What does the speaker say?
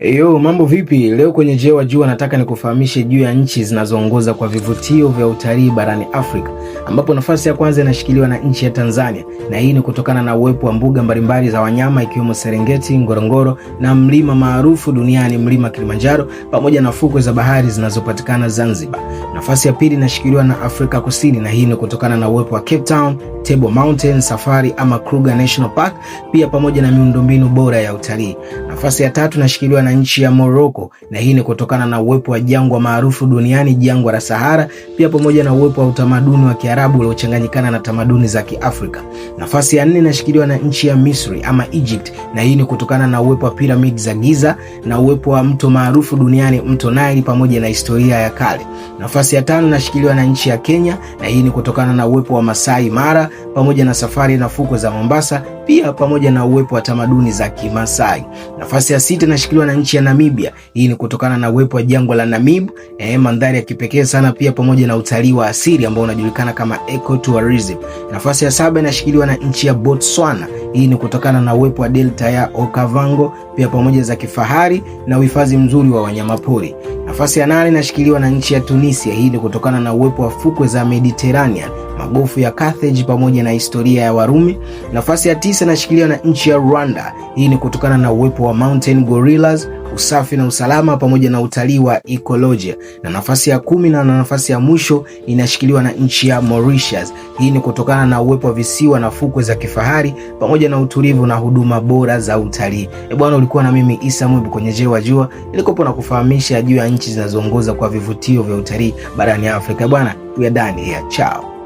Eyo, mambo vipi? Leo kwenye Jewa Juu nataka nikufahamishe juu ya nchi zinazoongoza kwa vivutio vya utalii barani Afrika, ambapo nafasi ya kwanza inashikiliwa na nchi ya Tanzania, na hii ni kutokana na uwepo wa mbuga mbalimbali za wanyama ikiwemo Serengeti, Ngorongoro na mlima maarufu duniani mlima Kilimanjaro, pamoja na fukwe za bahari zinazopatikana Zanzibar. Nafasi ya pili inashikiliwa na Afrika Kusini, na hii ni kutokana na uwepo wa Cape Town, Table Mountain Safari ama Kruger National Park, pia pamoja na miundombinu bora ya utalii. Nafasi ya tatu inashikiliwa na nchi ya Morocco na hii ni kutokana na uwepo wa jangwa maarufu duniani, jangwa la Sahara, pia pamoja na uwepo wa utamaduni wa Kiarabu uliochanganyikana na tamaduni za Kiafrika. Nafasi ya nne inashikiliwa na nchi ya Misri ama Egypt na hii ni kutokana na uwepo wa piramidi za Giza na uwepo wa mto maarufu duniani, mto Nile, pamoja na historia ya kale. Nafasi ya tano inashikiliwa na nchi ya Kenya na hii ni kutokana na uwepo wa Masai Mara pamoja na safari na fuko za Mombasa, pia pamoja na uwepo wa tamaduni za Kimasai. Nafasi ya sita inashikiliwa na nchi ya Namibia. Hii ni kutokana na uwepo wa jangwa la Namib, eh, mandhari ya kipekee sana pia pamoja na utalii wa asili ambao unajulikana kama ecotourism. Nafasi ya saba inashikiliwa na nchi ya Botswana. Hii ni kutokana na uwepo wa delta ya Okavango pia pamoja za kifahari na uhifadhi mzuri wa wanyamapori. Nafasi ya nane inashikiliwa na nchi ya Tunisia. Hii ni kutokana na uwepo wa fukwe za Mediterranean magofu ya Carthage pamoja na historia ya Warumi. Nafasi ya tisa inashikiliwa na nchi ya Rwanda. Hii ni kutokana na uwepo wa mountain gorillas usafi na usalama pamoja na utalii wa ecology. Na nafasi ya kumi na nafasi ya mwisho inashikiliwa na nchi ya Mauritius. Hii ni kutokana na uwepo wa visiwa na fukwe za kifahari pamoja na utulivu na huduma bora za utalii. E bwana, ulikuwa na mimi Isa Mwibu kwenye Je Wajua, nilikopo na kufahamisha juu ya nchi zinazoongoza kwa vivutio vya utalii barani Afrika. E bwana, are done here. Ciao.